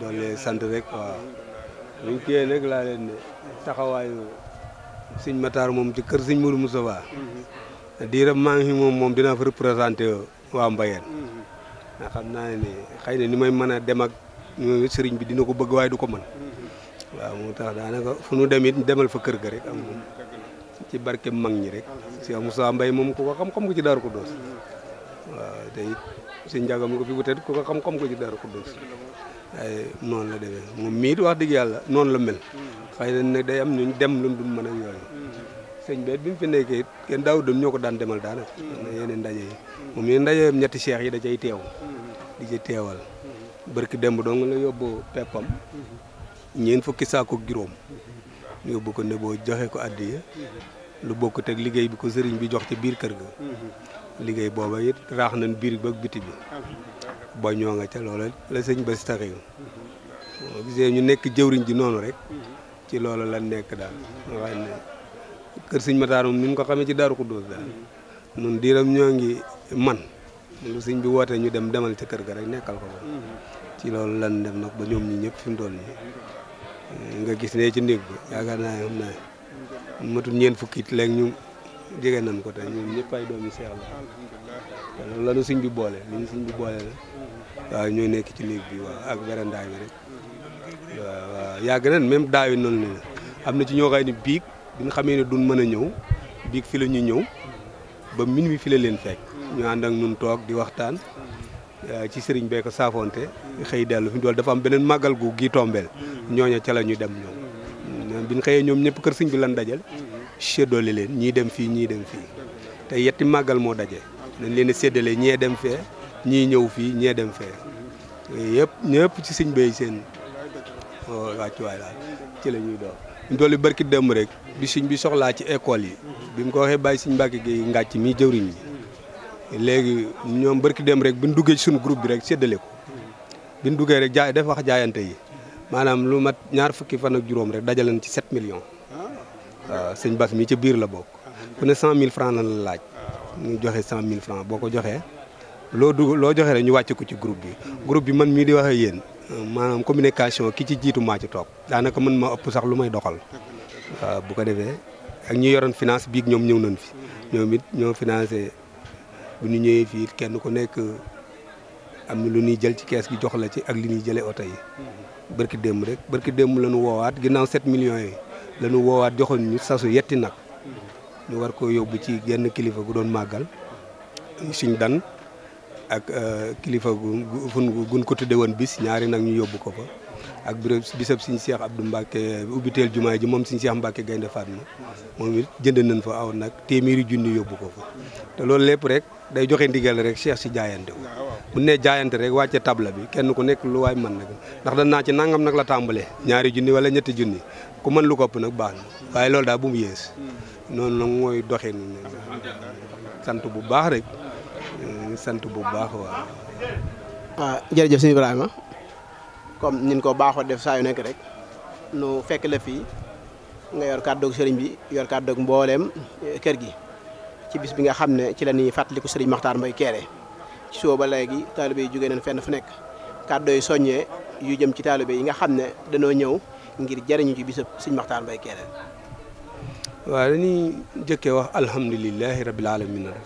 dole sant rek waaw luñ kiyee nag laa leen ne taxawaayu sëñ Matar moom ci kër sëñ Mourou Moustapha diiram maa ngi fi moom moom dinaa fa représenté waa Mbayeen ndax xam naa ne xëy na ni may mën dem ak ñoom sëriñ bi dina ko bëgg waaye du ko mën waaw moo tax daanaka fu nu dem demal fa kër ga rek am moom ci barke mag ñi rek si Moussa Mbaye moom ku ko xam-xam ko ci Daaru Xudoos waaw te it si njàngam ko fi wutet ko xam-xam ko ci Daaru Xudoos waaye noonu la demee moom miit wax dëgg yàlla noonu la mel hmm. xëy na nag day am ñu dem lu mu mën a yooyu hmm. sëñ bi bi mu fi nekkee kenn daaw dem ñoo ko daan demal daanaka hmm. yeneen ndaje yi moom yeneen ndaje ñetti seex yi da cay teew di ci teewal barki demb dong la yóbbu peppam fukki saako juróom yóbbu ko ne joxe ko addiya lu bokk teg liggéey bi ko sëriñ bi jox ci biir kër ga liggéey booba it raax nañ biir ba biti bi ba ñoo nga ca loola la sëñ bés taxew boo gisee ñu nekk jëwriñ ji noonu rek ci loola la nekk daal waaye ne kër sëñ mataar moom ñu ko xamee ci daaru xuddoos daal nun diiram ñoo ngi man lu sëñ bi wootee ñu dem demal ca kër ga rek nekkal ko ci loolu lan dem nag ba ñoom ñi ñëpp fi mu toll nii nga gis ne ci néeg bi yaakaar naa xam naa ñeen fukki it ñu jege nañ ko te ñun ñëpp ay doomi seex la loolu lanu sëñ bi boole ñu sëñ bi boole waaw ñoo nekk ci néeg bi waa ak verandaay bi rek waaw waaw yàgg na même daaw noonu la am na ci ñoo xam ne biig bi nga xamee ne duñ mën a ñëw biig fi la ñu ñëw ba minuit fi la leen fekk. ñu ànd ak ñun toog di waxtaan euh, ci sëriñ bee ko xëy dellu fi dool dafa beneen màggal gu gi tombeel ñooña ca la ñu dem ñoom. bi ñu xëyee ñoom ñëpp kër sëñ bi lan dajal séddale leen ñii dem fii ñii dem fii te yetti màggal moo daje. dañ leen a séddale ñee dem fee. ñii ñëw fii ñee dem fee yëpp ñëpp ci sëñ bay seen waay daal ci la ñuy doon ñu toll barki démb rek bi sëñ bi soxlaa ci école yi bi mu ko waxee bàyyi sëñ Mbàkke gi ngàcc mi jëwriñ yi léegi ñoom barki dem rek bi ñu duggee ci suñu groupe bi rek séddale ko bi ñu duggee rek jaay def wax jaayante yi maanaam lu mat ñaar fukki fan ak juróom rek dajalen ci 7 million waaw sëñ mi ci biir la bokk ku ne 100000 francs lan na laaj ñu joxe 100000 francs boo ko joxee loo dugg loo joxe rek ñu wàcce ko ci groupe bi groupe bi man mii di waxee yéen maanaam communication ki ci jiitu maa ci toog daanaka man ma ëpp sax lu may doxal bu ko defee ak ñu yoroon finance biig ñoom ñëw nañ fi ñoom it ñoo financé bu ñu ñëwee fii kenn ku nekk am na lu ñuy jël ci kees gi jox la ci ak li ñuy jëlee oto yi bërki démb rek bërki démb la ñu woowaat ginnaaw set millions yi la ñu woowaat joxoon ñu sasu yetti nag ñu war ko yóbbu ci genn kilifa gu doon màggal suñ dan ak euh, kilifa gu gun ko tudde won bis ñaari nak ñu yobbu ko fa ak bisab seigne Cheikh Abdou mbake ubitel jumaa ji mom seigne Cheikh mbake Gaynde fatima mom nit jënd nañ fa aw nak téméri junni yobbu ko fa té lool lepp rek day joxe ndigal rek Cheikh si jaayante wu bu ne jaayante rek wacce tabla bi kenn ku nekk lu way man nak ndax dañ na ci nangam nak la tambalé ñaari junni wala ñetti junni ku man lu op nak baax waye lool da bu mu non moy doxé ni sant bu baax rek ngi sant bu baax waaw. waaw ah, jërëjëf sëñ Ibrahima comme nin ko baaxoo def saa yu nekk rek nu fekk la fii nga yor kàddoog sëriñ bi yor kàddoog mbooleem eh, kër gi ci bis bi nga xam ne ci la ñuy fàttaliku sëriñ maxtar Mbay Kéré ci suba ba léegi taalibe yi jógee nañ fenn fu nekk kàddoo yi soññee yu jëm ci taalibe yi nga xam ne dañoo ñëw ngir jëriñu ci bisab sëriñ Maxtaar Mbay Kéré. waaw dañuy jëkkee wax alhamdulilahi rabil alamin rek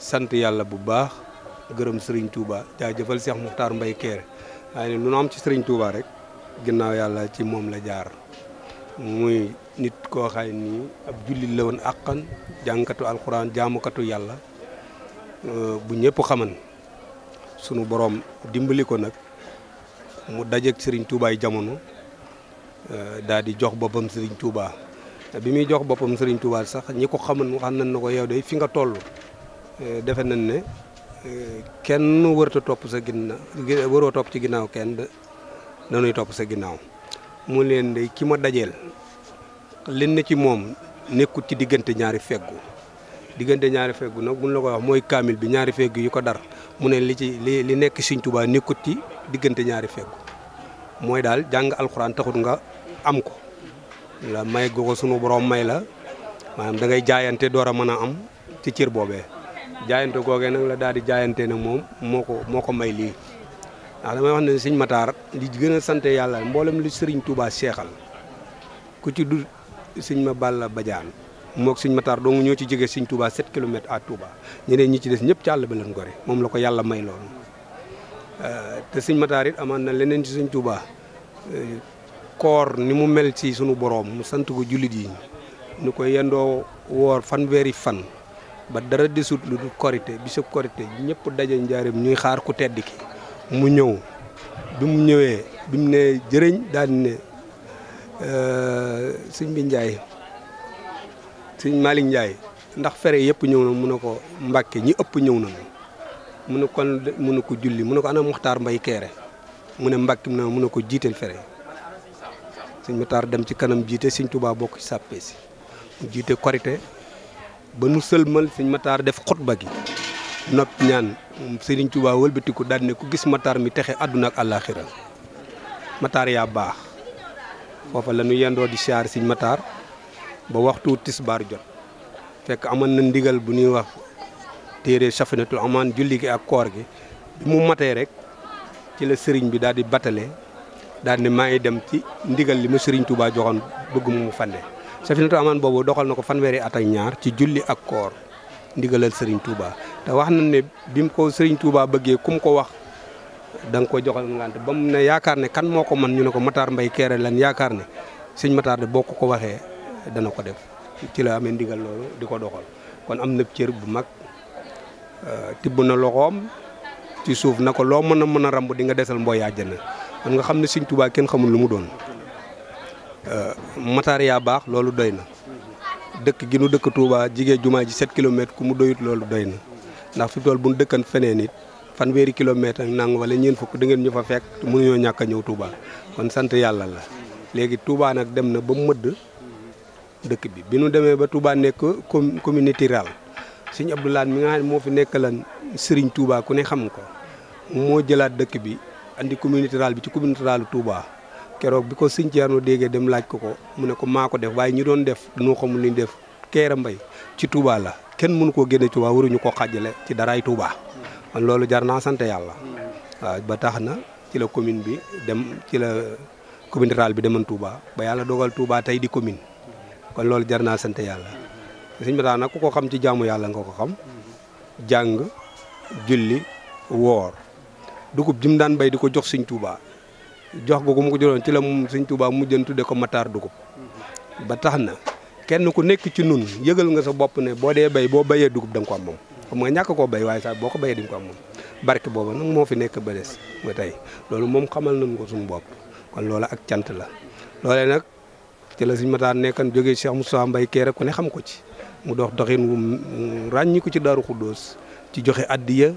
sant yalla bu baax geureum Serigne Touba jaajëfal Cheikh Moukhtar Mbaye Kéré waaye nu am ci Serigne Touba rek ginnaw yalla ci mom la jaar muy nit ko xayni ab jullit la akkan àqan alquran alxuraan yalla yàlla euh, bu ñepp xaman suñu borom dimbali ko nag mu dajje Serigne Touba ay jamono euh, daal di jox bopam Serigne Touba bi mi jox bopam Serigne Touba sax ñi ko mu xam nañ nako yow day fi nga tollu Eh, defe nañ ne eh, kenn warta topp sa ginnaaw waroo topp ci ginnaaw kenn dañuy topp sa ginnaaw mu leen de ki ma dajeel leen na ci moom nekkut ci diggante ñaari feggu diggante ñaari feggu nag buñ la ko wax mooy kaamil bi ñaari feggu yi ko dar mu ne li ci li li nekk Sëñ Tuubaa nekkut ci diggante ñaari feggu mooy daal jàng alxuraan taxut nga am ko la may googu sunu boroom may la maanaam da ngay jaayante door a mën a am ci cir boobee jaayante googee nag la daal di jaayantee nag moom moo ko moo ko may lii ndax damay wax ne sëñ Matar li gën a sante yàlla mboolem li sëriñ Touba seexal ku ci du sëñ ma Balla Badiane moog sëñ Matar dong ñoo ci jege sëñ Touba 7 kilomètres à Touba ñeneen ñi ci des ñëpp ci àll ba lañ gore moom la ko yàlla may loolu euh, te sëñ Matar it amaan na leneen ci sëñ Touba euh, koor ni mu mel ci sunu boroom mu sant ko jullit yi ñu koy yendoo woor fanweeri fan ba dara desut lu dul korité bisu korité ñëpp daje njaareem ñuy xaar ku tedd ki mu ñëw bi mu ñëwee bi mu ne jëriñ daal ne euh, sëñ bi Ndiaye sëñ Malick Ndiaye ndax fere yëpp ñëw na mu ne ko mbakke ñi ëpp ñëw na mun ne kon mu ne ko julli mun ne ko ana Muxtaar Mbay Keere mu ne Mbàkke mu ne ko jiiteel fere sëñ Muxtaar dem ci kanam jiite sëñ Tuubaa bokk ci sàppe si mu jiite korité ba nu sëlmal sëñ Matar def xutba gi noppi ñaan Sëriñ Tuubaa wëlbatiku daal ne ku gis Matar mi texe àdduna ak àllaaxira Matar yaa baax foofa la ñu yendoo di siyaar sëñ Matar ba waxtu tisbaar jot fekk amoon na ndigal bu ñuy wax téere safinatul amaan julli gi ak koor gi bi mu matee rek ci la sëriñ bi daal di batale daal maa ngi dem ci ndigal li ma sëriñ Tuubaa joxoon bëgg mu mu fande Safinatul Amaan boobu doxal na ko fanweeri at ak ñaar ci julli ak koor ndigalal sëriñ Touba te wax nañ ne bi mu ko sëriñ tuubaa bëggee ku mu ko wax da ko joxal ngant ba mu ne yaakaar ne kan moo ko mën ñu ne ko Matar Mbay lan yaakaar ne sëñ Matar boo ko ko waxee dana ko def ci la amee ndigal loolu di ko doxal kon am na cër bu mag euh, tibb na loxoom ci suuf na ko loo mën a mën a ramb di nga desal mbooy àjjana kon nga xam ne sëñ Touba kenn xamul lu mu doon. Euh, mataar yaa baax loolu doy na dëkk gi nu dëkk Touba jigéen jumaa ji 7 kilomètres ku mu doyut loolu doy na ndax fi tool bu nu dëkkan feneen it fanweeri kilomètres ak nang wala ñeen fukk da ngeen ñu fa fekk mënuñoo ñàkk a ñëw Touba kon sant yàlla la léegi Touba nag dem na ba mëdd dëkk bi bi nu demee ba Touba nekk communauté rurale sëñ Abdou Lahad mi nga moo fi nekk lan Serigne Touba ku ne xam ko moo jëlaat dëkk bi andi communauté rurale bi ci communauté rurale Touba keroog bi ko sëñ Thierno déggee dem laaj ko ko mu ne ko maako ko def waaye ñu doon def noo xamul li ñu def Kéré mbay ci Touba la kenn mënu koo génne Touba waruñu koo xàjjale ci daraay Touba loolu jar naa sant yàlla. waaw ba tax na ci la commune bi dem ci la commune rurale bi demoon Touba ba yàlla dogal Touba tey di commune kon loolu jar naa sant yàlla. sëñ Mata nag ku ko xam ci jaamu yàlla nga ko xam jàng julli woor dugub ji mu daan béy di ko jox sëñ tuubaa jox gogum ko joron ci la seigne touba mu mujjën tudde ko Matar Dugu ba taxna kenn ku nek ci nun yeugal nga sa bop ne bo de bay bo baye dugub dang ko am mom xam nga ñak ko bay way sa boko baye bayee ko am mom barke bobu nak mo fi nek ba dess mo tay lolu mom xamal nañ ko sun bop kon lolu ak tiant la lolé nak ci la seigne Matar nekkan joge Cheikh Moussa Mbaye Kéré ku ne xam ko ci mu dox doxine wu ràññi ko ci daru khudous ci joxe addiya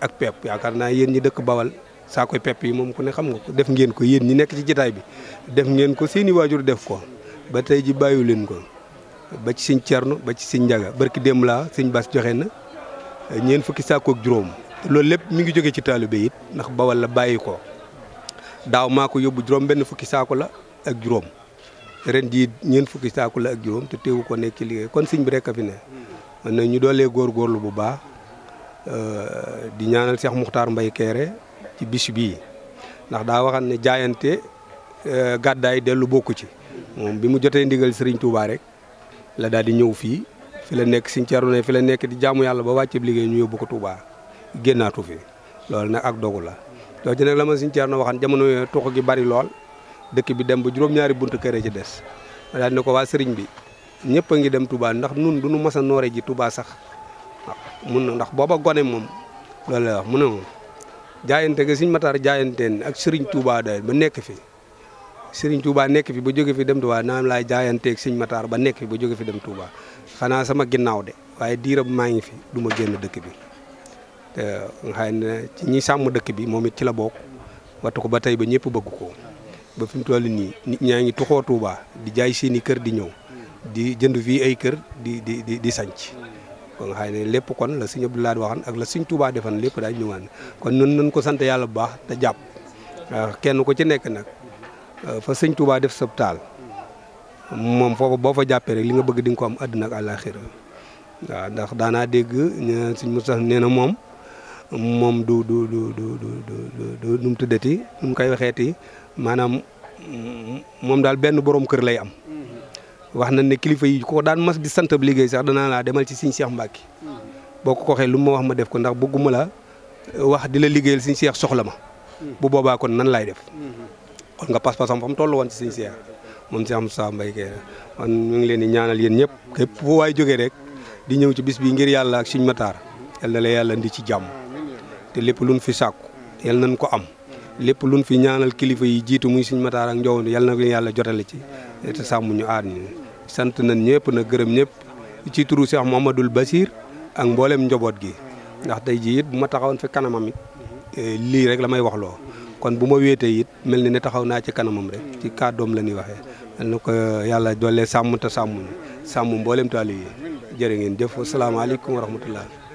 ak pep yakarna yeen ñi dekk Bawal saakoy pepp yi moom ku ne xam nga ko def ngeen ko yéen ñi nekk ci jataay bi def ngeen ko seeni waajur def ko ba tey ji bàyyu leen ko ba ci sëñ Cerno ba ci siñ Njaga barki démb laa sëñ Bass joxe na eh, ñeen fukki saako juróom loolu lépp mi ngi jóge ci taalibe it ndax bawal la bàyyi ko daaw maako yóbbu juróom benn fukki saako la ak juróom ren jii ñeen fukki saako la ak juróom te teewu ko nekk ci liggéey kon sëñ bi rek a fi ne na ñu doolee góor góorlu bu baax eh, di ñaanal Cheikh Moukhtar mbay Kéré ci bis bii ndax daa waxan ne jaayante euh, gàddaay dellu bokku ci moom bi mu jotee ndigal sëriñ Touba rek la daal di ñëw fii fi la nekk Serigne Thierno ne fi la nekk di jaamu yàlla ba wàcceeb liggéey ñu yóbbu ko Touba génnaatu fi loolu nag ak dogu la. loolu ci nag la ma Serigne Thierno waxan jamono yooyu tuux gi bari lool dëkk bi dem ba juróom-ñaari buntu kër ci des daal ne ko waa Serigne bi ñëpp a ngi dem Touba ndax nun du mës a nooree ji Touba sax mun na ndax booba gone moom loolu la wax mu ne moom jaayanteeg ga Sëriñ Matar jaayanteen ak sëriñ Touba day ba nekk fi sëriñ Touba nekk fi ba jóge fi dem Touba naa laay jaayanteeg Sëriñ mataar ba nekk fi ba jóge fi dem Touba xanaa sama ginnaaw de waaye diirab maa ngi fi du ma génn dëkk bi te xëy na sàmm dëkk bi moom it ci la bokk wattu ko ba tey ba ñëpp bëgg ko ba fi mu toll nii nit ñaa ngi tuxoo Touba di jaay seeni kër di ñëw di jënd fii ay kër di di di di sanc kon xëy na lépp kon la Sëriñ Abdou Lahad waxan ak la Sëriñ Tuubaa defan lépp daal ñëwaan kon nun nañ ko sante yàlla bu baax te jàpp kenn ku ci nekk nag euh, fa Sëriñ Tuubaa def sab taal moom foofu boo fa jàppee rek li nga bëgg di ko am àdduna ak àllaaxira waaw ndax daanaa dégg Sëriñ Mustafaa nee na moom moom du du du du du du nu mu tuddati nu maanaam mm, moom daal benn borom kër lay am wax nañ ne kilifa yi ko daan mas di santab liggéey sax danaa la demal ci seigne Cheikh Mbacke boko ko xé lu ma wax ma def ko ndax bëgguma la wax dila la seigne Cheikh soxla ma bu boba kon nan lay def kon nga pass passam fam tollu won ci seigne Cheikh moom Cheikh Moussa Mbacke man ñu ngi leen di ñaanal yeen ñep kep fu way jógee rek di ñew ci bis bi ngir yalla ak seigne matar yalla la yalla ndi ci jamm te lepp luñ fi sakku yalla nañ ko am lepp luñ fi ñaanal kilifa yi jitu muy seigne matar ak njowoon yalla na yalla jotale ci te sàmm ñu aad ñu sant nañ ñëpp na gërëm ñëpp ci turu Cheikh Mouhamadoul Bachir ak mboolem njaboot gi ndax tey jii it bu ma taxawoon fi kanamam eh, lii rek la may wax loo kon bu ma wéetee it mel ni ne taxaw naa ci kanamam rek ci kàddoom la ñuy waxee mel na ko yàlla doole sàmm te sàmm ñu sàmm mboolem taali yi jërë ngeen jëf asalaamaaleykum wa rahmatullah